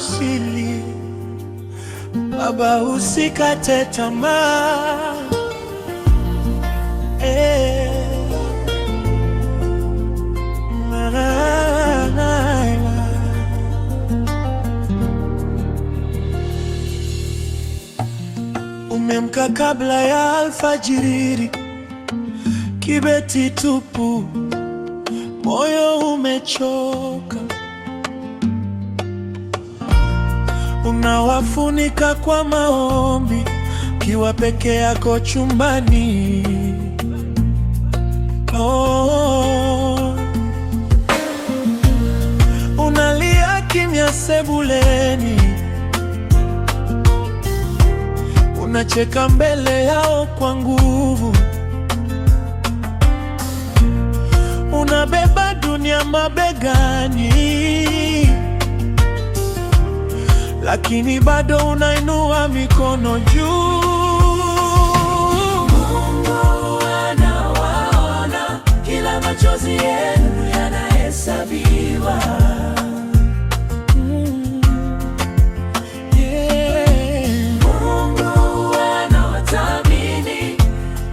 usili. Baba, usikate tamaa eh. Umemka kabla ya alfajiri, kibeti tupu, moyo umechoka unawafunika kwa maombi, kiwa peke yako chumbani. Oh, unalia kimya sebuleni, unacheka mbele yao kwa nguvu, unabeba dunia mabegani lakini bado unainua mikono juu. Mungu anawaona, kila machozi yenu yanahesabiwa. Mm.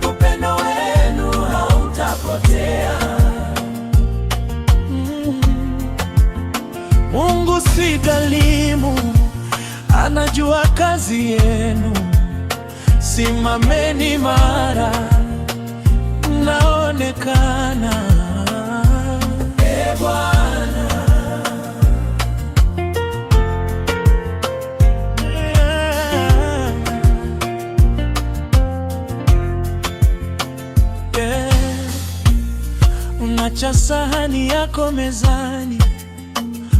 upendo wenu hautapotea. Mm. Mungu si dalili najua kazi yenu, simameni mara, naonekana E Bwana, yeah. Yeah. Unacha sahani yako mezani,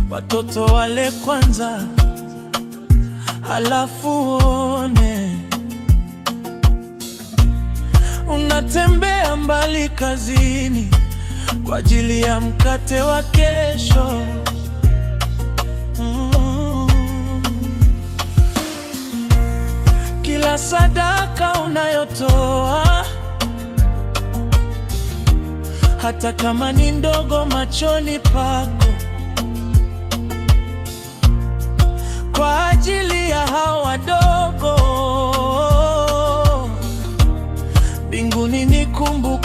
watoto wale kwanza halafu uone. Unatembea mbali kazini kwa ajili ya mkate wa kesho. Mm-hmm. Kila sadaka unayotoa hata kama ni ndogo machoni pako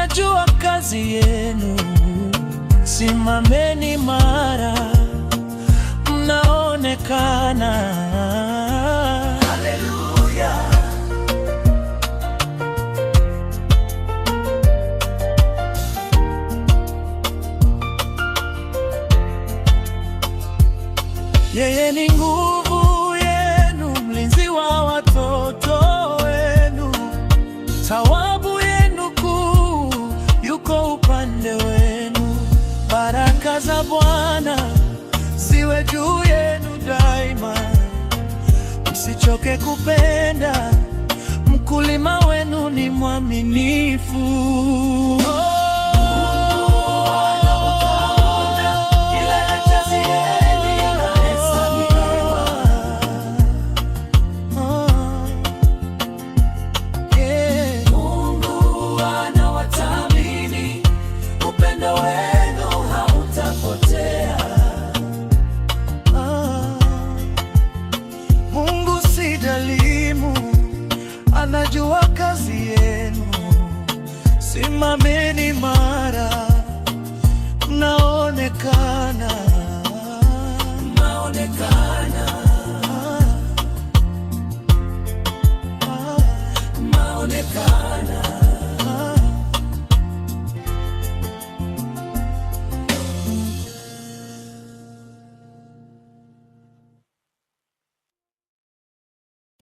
najua kazi yenu, simameni mara mnaonekana. Haleluya, yeye ni nguvu juu yenu daima, msichoke kupenda, mkulima wenu ni mwaminifu. simameni ma